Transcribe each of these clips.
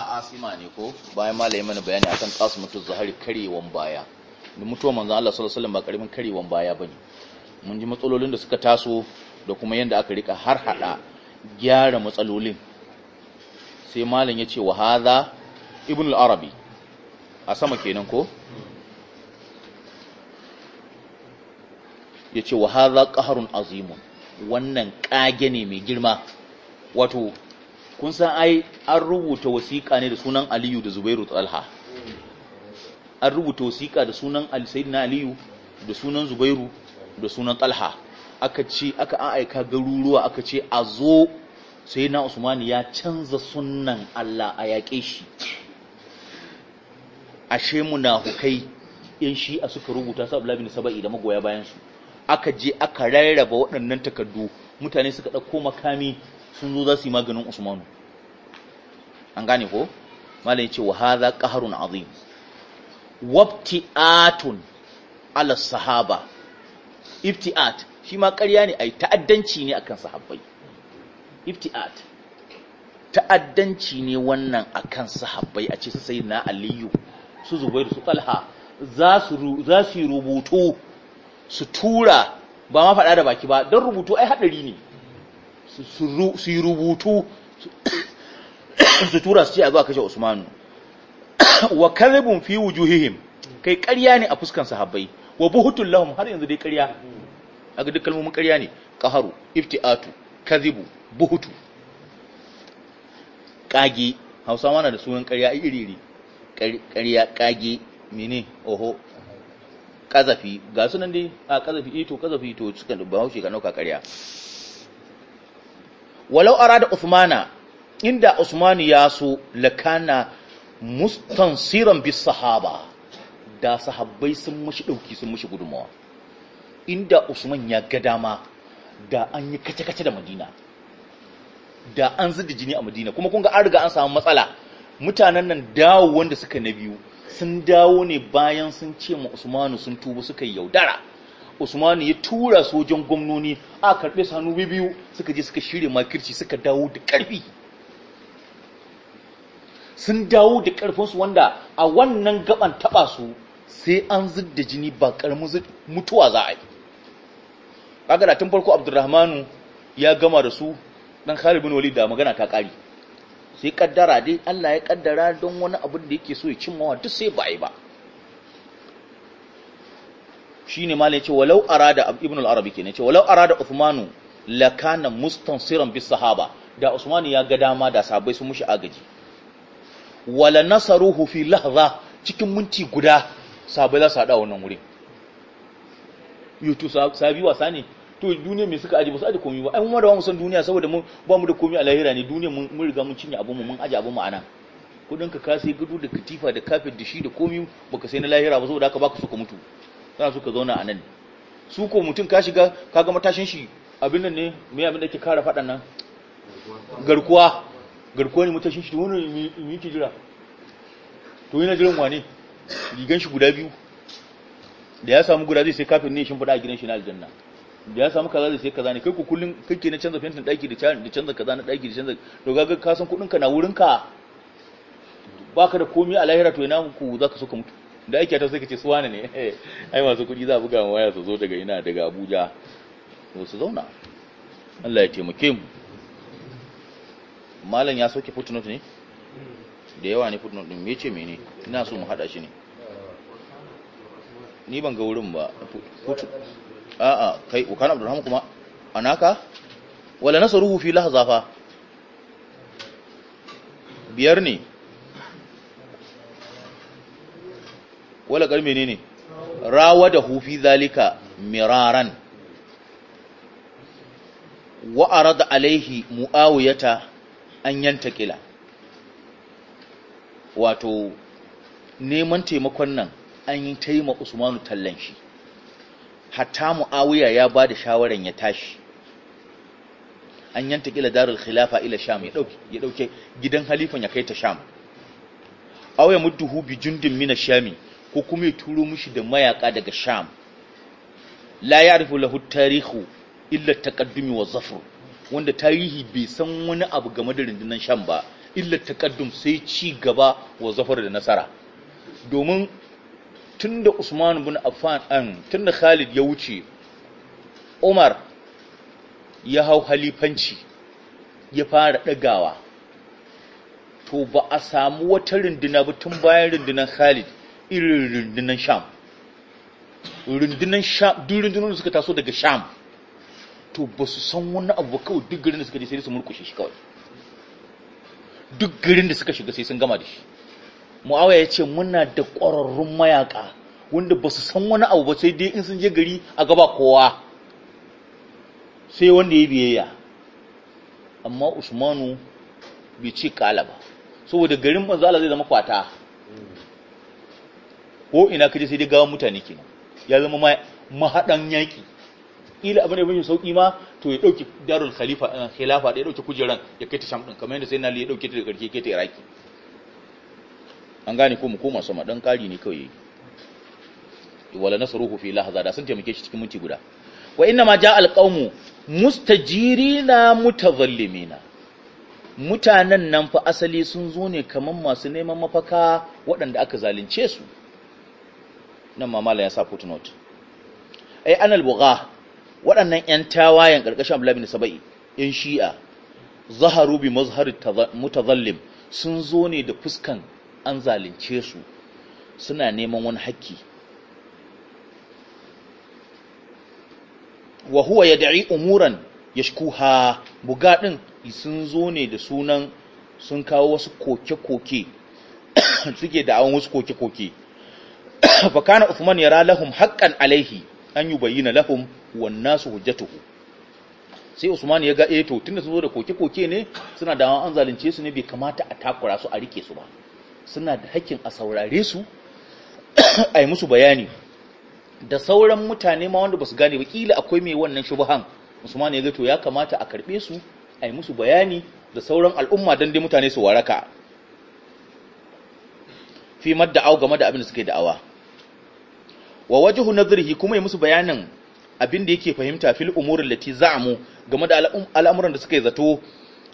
wannan asima ne ko bayan malamin mana bayani akan mutu zahari karewan baya da mutuwa manzan Allah sallallahu alaihi wasallam ba karimin karewan baya bane mun ji matsalolin da suka taso da kuma yanda aka rika har hada gyara matsalolin sai malam ya ce wa hadha ibn al-arabi a sama kenan ko ya ce wa hadha qahrun azimun wannan ƙage ne mai girma wato kun san ai an rubuta wasiƙa ne da sunan aliyu da zubairu talha an rubuta wasiƙa da sunan alisaidina aliyu da sunan zubairu da sunan talha aka ce aka an aika garuruwa aka ce a zo sai na usmani ya canza sunan allah a yaƙe shi ashe munafukai in shi a suka rubuta su abdullahi bin saba'i da magoya bayansu aka je aka rarraba waɗannan takardu mutane suka ɗauko makami sun zo za su yi maganin usmanu an gane ko malai ce wa hadha qahrun azim wabti'atun ala sahaba ibti'at shi ma ƙarya ne ai ta'addanci ne akan sahabbai ibti'at ta'addanci ne wannan akan sahabbai a ce su na aliyu su zubairu su talha za su za su rubutu su tura ba ma faɗa da baki ba don rubutu ai haɗari ne su rubutu su tura su ce a zuwa kashe usmanu wa karibin fi wujuhihim kai karya ne a fuskan sahabbai wa buhutun lahum har yanzu dai karya a ga duk kalmomin karya ne qaharu ifti'atu kadhibu buhutu kage hausawa na da sunan karya iri-iri karya kage mene oho kazafi ga sunan dai a kazafi ito kazafi ito suka dubba haushe ka nauka karya walau rada Uthmana inda Usmanu ya so lakana siran bi sahaba da sahabbai sun mashi dauki sun mashi gudumawa inda Usman ya ga dama da an yi kace-kace da Madina da an zuda jini a Madina kuma kun ga an riga an samu matsala mutanen nan dawo wanda suka na biyu sun dawo ne bayan sun ce ma Usmanu sun tuba suka yi yaudara usmani ya tura su gwamnoni a karɓe sanu hannu biyu suka je suka shirya makirci suka dawo da ƙarfi sun dawo da ƙarfinsu wanda a wannan gaban taɓa su sai an zidda jini ba ƙaramin mutuwa za a yi kaga tun farko abdurrahmanu ya gama da su dan khalid bin walid da magana ta kari sai kaddara dai Allah ya kaddara don wani abin da yake so ya cimma duk sai ba yi ba shine mala ce walau arada ibn al-arabi kenan ce walau arada uthmanu mustan mustansiran bis sahaba da usman ya ga dama da sahabbai sun mushi agaji wala nasaruhu fi lahaza cikin minti guda sahabbai za su hada wannan wurin youtube sahabi wasa ne to duniya mai suka aji ba su aji komai ba ai mu da ba mu san duniya saboda mu ba mu da komai a lahira ne duniya mun riga mun cinye abun mu mun aji abun mu anan kudin ka ka gudu da katifa da kafin da shi da komai baka sai na lahira ba saboda haka baka so ka mutu za su ka zauna a nan su ko mutum ka shiga kaga matashin shi abin nan ne me abin da ke kara faɗan nan garkuwa garkuwa ne matashin shi wani ne yake jira to yana jiran wane rigan shi guda biyu da ya samu guda zai sai kafin ne shi fada a gidan shi na aljanna da ya samu kaza zai sai kaza ne kai ku kullun kake na canza fentin daki da canza kaza na daki da canza to ga ka san kudinka na na ba ka baka da komai a lahira to ina ku zaka so ka mutu da ake ta suka ce su wane ne ai masu kuɗi za a buga mu waya su zo daga ina daga Abuja to su zauna Allah ya taimake mu malam ya soke footnote ne da yawa ne footnote din me ce mene ina so mu hada shi ne ni ban ga wurin ba a'a kai ukana Abdulrahman kuma anaka wala nasaruhu fi lahzafa biyar ne wala gar menene rawa da hufi zalika miraran wa da alaihi muawiyata an yantakila wato neman taimakon nan an yi taimaka usmanu tallan shi hatta muawiya ya ba da shawaran ya tashi an yantakila darul khilafa ila sham ya dauke ya dauke gidan halifan ya kai ta sham auya mudduhu bi jundin mina shami ko kuma ya turo mushi da mayaka daga sham la ya ya'rifu lahu tarihu illa taqaddumi wa zafr wanda tarihi bai san wani abu game da rundunar sham ba illa taqaddum sai ci gaba wa zafar da nasara domin tunda Usman ibn Affan an tunda Khalid ya wuce Umar ya hau halifanci ya fara ɗagawa, to ba a samu wata runduna ba tun bayan rundunar Khalid irin rundunan sham rundunan sham duk rundunan suka taso daga sham to ba su san wani abu kawai duk garin da suka je sai su murkushe shi kawai duk garin da suka shiga sai sun gama da shi mu'awiya ya ce muna da ƙwararrun mayaka wanda ba su san wani abu ba sai dai in sun je gari a gaba kowa sai wanda ya biyayya amma usmanu bai ce kala ba saboda garin manzo Allah zai zama kwata ko ina kaje sai dai gawan mutane kenan ya zama ma mahadan yaki ila abin da yake sauki ma to ya dauki darul khalifa eh, khilafa da ya dauki kujeran ya kai ta sham din kamar yadda sai nali ya dauke ta da karshe kai ta iraki an gane ko mu koma sama dan kari ne kawai wala nasruhu fi lahza da sun taimake shi cikin minti guda wa inna ma ja qaumu mustajirina mutazallimina mutanen nan fa asali sun zo ne kaman masu neman mafaka waɗanda aka zalunce su nan mamala ya sa footnote ai anal bugha waɗannan 'yan tawayen ƙarƙashin Abdullah bin Sabai 'yan Shi'a zaharu bi mazhar mutazallim sun zo ne da fuskan an zalunce su suna neman wani haƙƙi wa huwa yad'i umuran yashkuha buga din sun zo ne da sunan sun kawo wasu koke-koke suke da awon wasu koke-koke fa kana Uthman yara lahum haqqan alaihi an yubayyana lahum wan nasu hujjatuhu sai Usman ya ga eh to tunda sun zo da koke-koke ne suna da an zalunce su ne bai kamata a takura su a rike su ba suna da hakkin a saurare su ai musu bayani da sauran mutane ma wanda basu gane ba kila akwai mai wannan shubuhan Usman ya ga to ya kamata a karɓe su ai musu bayani da sauran al'umma dan dai mutane su waraka fi madda game da abin da suke da'awa wa wajhu nadrihi kuma ya musu bayanin abin da yake fahimta fil umurin lati za'amu game da al'amuran da suka yi zato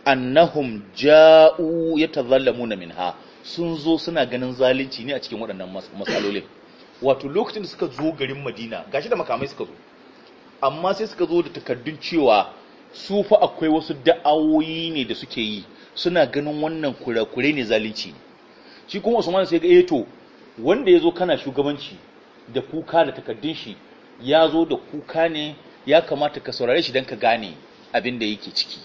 annahum ja'u yatazallamuna minha sun zo suna ganin zalunci ne a cikin waɗannan matsalolin wato lokacin da suka zo garin Madina gashi da makamai suka zo amma sai suka zo da takaddun cewa su fa akwai wasu da'awoyi ne da suke yi suna ganin wannan kurakure ne zalunci shi kuma Usman sai ga eto eh wanda ya zo kana shugabanci da kuka da takaddun shi ya zo da kuka ne ya kamata ka saurare shi don ka gane abin da yake ciki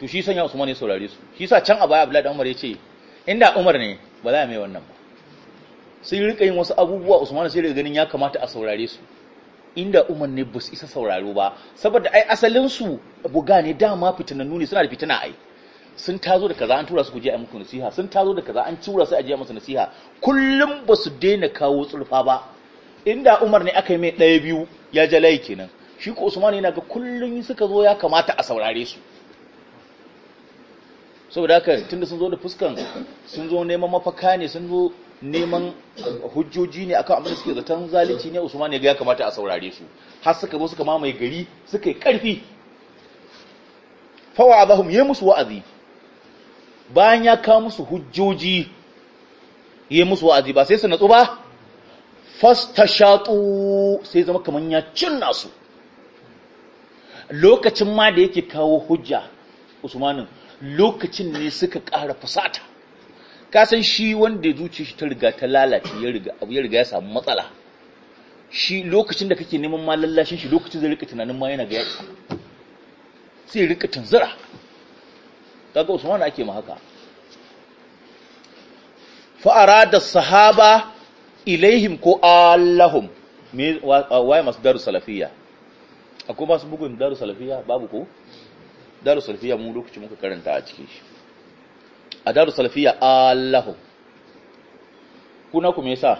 to shi sanya Usman ya saurare su shi sa can a baya Abdullahi Umar ya ce inda Umar ne ba za a mai wannan ba sai rika yin wasu abubuwa Usman sai daga ganin ya kamata a saurare su inda Umar ne bus isa sauraro ba saboda ai asalin su buga ne dama fitinannu ne suna da fitina ai sun tazo da kaza an tura su ku a muku nasiha sun tazo da kaza an tura su a je musu nasiha kullum ba su daina kawo tsulfa ba inda Umar ne aka yi mai ɗaya biyu ya ja layi kenan shi ko Usman yana ga kullum suka zo ya kamata a saurare su saboda haka tunda sun zo da fuskan sun zo neman mafaka ne sun zo neman hujjoji ne akan abin da suke zaton zalici ne Usman ya ga ya kamata a saurare su har suka zo suka mamaye gari suka yi karfi fa wa'azahum yayi musu wa'azi bayan ya kawo musu hujjoji ya yi musu wa'azi ba sai su natsu ba shatu sai zama kamar ya cinna su lokacin ma da yake kawo hujja usmanin lokacin ne suka ƙara fusata kasan shi wanda ya zuce shi ta riga ta lalace ya riga ya samu matsala shi lokacin da kake neman ma lallashin shi lokacin zai rika tunanin ma yana ga ya sai rika tunzura kaga usman ake ma haka fa arada sahaba ilaihim ko allahum waye masu daru salafiya akwai masu bugun daru salafiya babu ko daru salafiya mu lokaci muka karanta a cikin shi a daru salafiya allahum kuna ku me yasa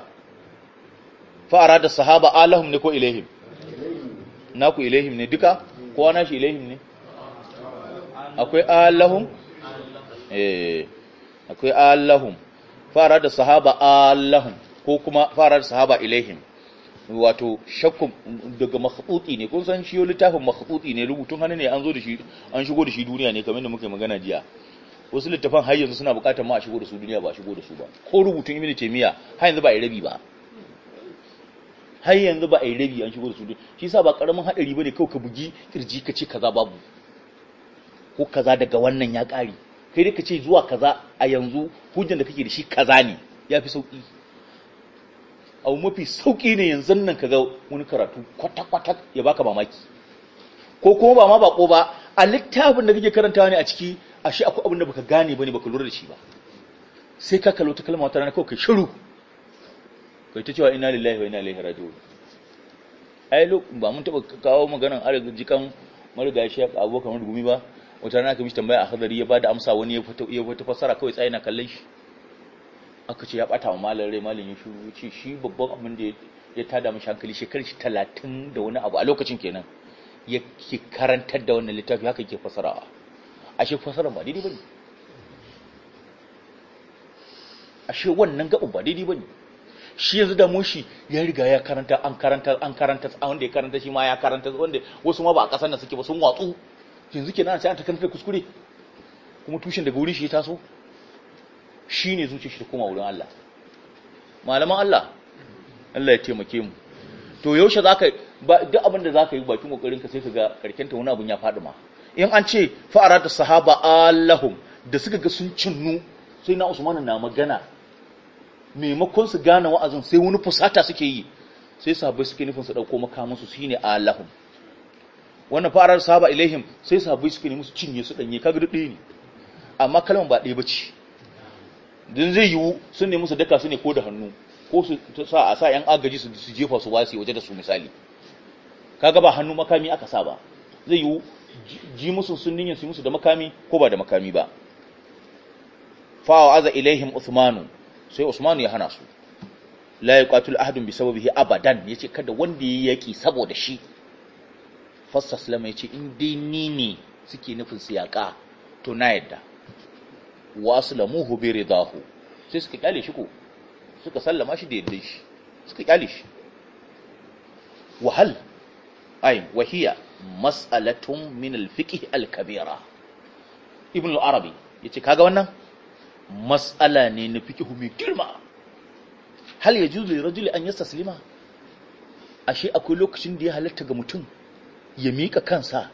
fa arada sahaba allahum ne ko ilaihim Na ku ilaihim ne duka kowa na shi ilaihim ne akwai allahum eh akwai allahum fara da sahaba allahum ko kuma fara da sahaba ilaihim wato shakku daga makhbuti ne kun san shi littafin makhbuti ne rubutun hannu ne an zo da shi an shigo da shi duniya ne kamar da muke magana jiya wasu littafan har yanzu suna bukatar ma a shigo da su duniya ba a shigo da su ba ko rubutun ibnu taymiya har yanzu ba a rabi ba har yanzu ba a yi rabi an shigo da su duniya shi yasa ba karamin hadari bane kawai ka bugi kirji ka ce kaza babu ko kaza daga wannan ya kare kai ka ce zuwa kaza a yanzu hujjan da kake da shi kaza ne ya fi sauƙi abu mafi sauƙi ne yanzu nan ka ga wani karatu kwata-kwata ya baka mamaki ko kuma ba ma bako ba a littafin da kake karantawa ne a ciki a shi akwai abin da baka gane ba ne baka lura da shi ba sai ka kallo ta kalma wata rana kawai kai shiru kai ta cewa ina lillahi wa ina ilaihi raji'un ai ba mun taba kawo maganar arzikin marigayi abubuwa abu kamar gumi ba wata rana aka mishi tambaya a hadari ya bada amsa wani ya fita ya fito fasara kawai tsaye na kallon shi aka ce ya bata wa malam rai malam ya shuru ce shi babban abin da ya tada mishi hankali shekarar shi talatin da wani abu a lokacin kenan ya karantar da wannan littafi haka ke fasarawa ashe fasara ba daidai bane ashe wannan gabu ba daidai bane shi yanzu da mushi ya riga ya karanta an karanta an karanta wanda ya karanta shi ma ya karanta wanda wasu ma ba a ƙasar nan suke ba sun watsu yanzu ke a sai an ta kanta kuskure kuma tushen daga wurin shi ya taso Shi ne zuci shi ta koma wurin Allah malaman Allah Allah ya taimake mu to yaushe zaka ba duk abin da za ka yi bakin kokarin ka sai ka ga karken ta wani abun ya faɗi ma in an ce fa'ara da sahaba allahum da suka ga sun cinnu sai na Usman na magana maimakon su gane wa'azin sai wani fusata suke yi sai sahabbai suke nufin su dauko makamansu shine allahum wannan farar saba ilaihim sai sabu suka ne musu cinye su danye kaga duk ɗaya ne amma kalmar ba ɗaya bace din zai yiwu sun ne musu daka su ne ko da hannu ko su sa a sa yan agaji su su jefa su wasi waje da su misali kaga ba hannu makami aka sa ba zai yiwu ji musu sun niyyar su musu da makami ko ba da makami ba fa'aza ilaihim usmanu sai usmanu ya hana su la yaqatul ahadun bi sababihi abadan yace kada wanda yayi yaki saboda shi salama ya ce in dai ni ne suke nufin siyaka to na yadda wa salamu hu za ku sai suka kyale shi ko suka sallama shi da yadda shi suka kyale shi wahal ay wahiya mas'alatun min al alkabira ibn al-arabi yace kaga wannan mas'ala ne na fiqh mai girma hal yajuzu lirajuli an yastaslima ashe akwai lokacin da ya halatta ga mutum ya mika kansa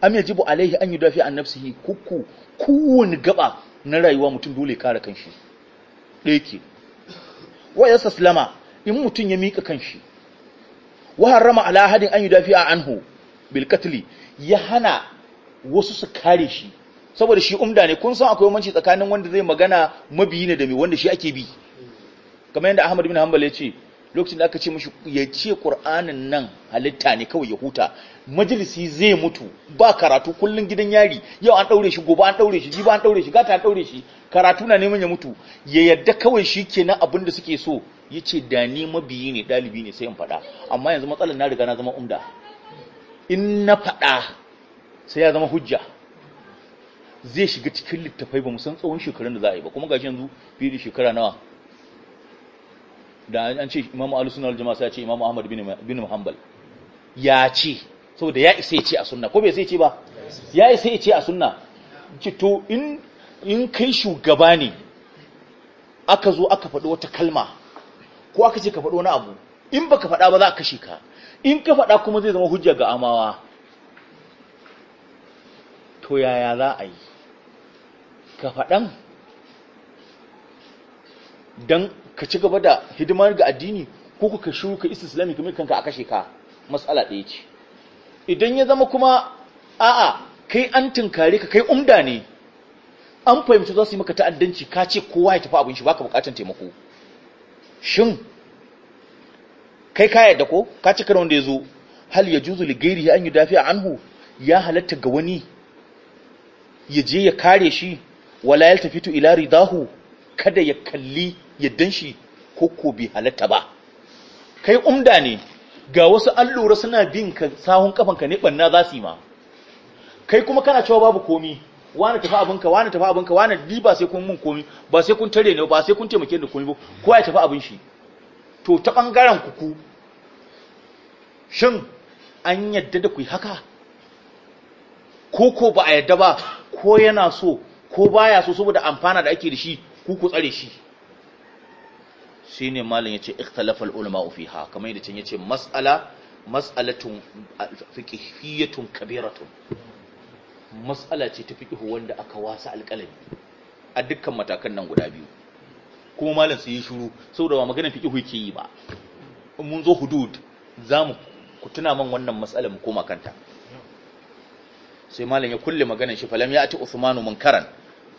am yajibu alaihi an dafi an nafsihi kuku kowane gaba na rayuwa mutum dole kare kanshi ɗaya ke wa ya in mutum ya mika kanshi wa harama ala hadin an dafi a anhu bilkatli ya hana wasu su kare shi saboda shi umda ne kun san akwai bambanci tsakanin wanda zai magana mabiyi ne da mai wanda shi ake bi kamar yadda Ahmad bin Hanbal ya ce lokacin da aka ce mashi ya ce ƙur'anin nan halitta ne kawai ya huta majalisi zai mutu ba karatu kullum gidan yari yau an ɗaure shi gobe an ɗaure shi jiba an ɗaure shi gata an ɗaure shi karatu na neman ya mutu ya yadda kawai shi ke na abin da suke so ya ce da ni mabiyi ne ɗalibi ne sai in faɗa amma yanzu matsalar na riga na zama umda in na faɗa sai ya zama hujja zai shiga cikin littafai ba mu san tsawon shekarun da za a yi ba kuma gashi yanzu fiye da shekara nawa da an ce imamu ahlus sunna jama'a sai ce imamu ahmad bin muhammad ya ce saboda ya isa ya ce a sunna ko bai sai ce ba ya isa ya ce a sunna ce to in kai shugaba ne aka zo aka faɗi wata kalma ko aka ce ka faɗo na abu in baka faɗa ba za a kashe ka in ka faɗa kuma zai zama hujja ga amawa to yaya za a yi ka faɗan don ka ci gaba da hidimar ga addini ko ku ka shuru ka islami kamar kanka a kashe ka matsala ɗaya ce idan ya zama kuma a'a kai an tunkare ka kai umda ne an fahimci za su yi maka ta'addanci ka ce kowa ya tafi abin shi baka bukatan taimako shin kai ka yadda ko ka ci karon da ya zo hal ya juzu ligairi an yi a anhu ya halatta ga wani ya je ya kare shi wala ya tafi tu ila ridahu kada ya kalli yaddan shi ko ko bi halatta ba kai umda ne ga wasu allura suna bin ka sahun kafanka ne banna za su yi ma kai kuma kana cewa babu komi wani tafi abinka wani tafi abinka wani bi ba sai kun mun komi ba sai kun tare ne ba sai kun taimake da komi ba kowa ya tafi abin shi to ta bangaren kuku shin an yadda da ku haka ko ko ba a yadda ba ko yana so ko baya so saboda amfana da ake da shi ku ku tsare shi shine malam yace ikhtalafal ulama fiha kamar yadda can yace mas'ala mas'alatun fiqhiyatun kabiratun mas'ala ce ta fiqhu wanda aka wasa alƙalami a dukkan matakan nan guda biyu kuma malam su yi shiru saboda ba maganar fiqhu yake yi ba mun zo hudud zamu ku tuna man wannan mas'alar mu koma kanta sai malam ya kulle maganar shi falam ya ati usmanu munkaran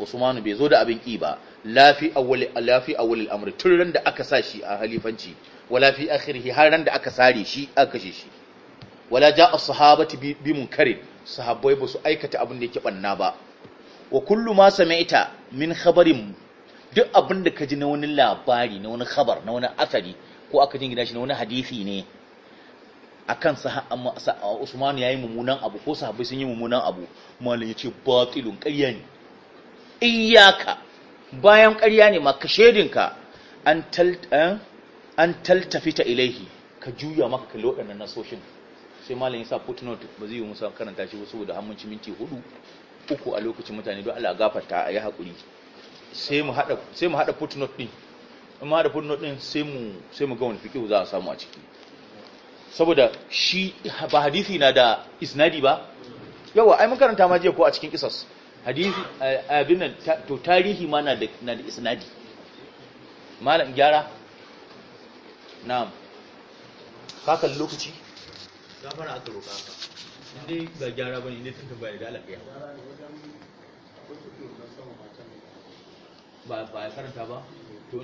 Usman bai zo da abin ki ba lafi awwal lafi awwal al-amr tun da aka sa shi a halifanci wala fi akhirih har ran da aka sare shi aka kashe shi wala ja'a sahabati bi munkarin sahabbai ba su aikata abin da yake banna ba wa kullu ma sami'ta min khabarin duk abin da ka ji na wani labari na wani khabar na wani asari ko aka jin gida shi na wani hadisi ne akan Usman yayi mummunan abu ko sahabbai sun yi mummunan abu mallan yace batilun ƙarya ne iyaka bayan ƙarya ne ma ka shedinka an eh, ta ilaihi ka juya maka kalli waɗannan nasoshin sai malam ya sa footnote ba zai yi musa karanta shi saboda hammunci minti hudu uku a lokacin mutane don ala gafarta a yi haƙuri sai mu haɗa footnote ɗin in ma haɗa footnote ɗin sai mu ga wani fikihu za a samu a ciki saboda shi ba hadithi na da isnadi ba yawa ai mun karanta ma jiya ko a cikin kisas hadisi abin to tarihi ma na da na isnadi malam gyara na'am ka kalli lokaci gafara aka roƙa ka inda ba gyara bane inda tun tambaya da Allah ya ba ba karanta ba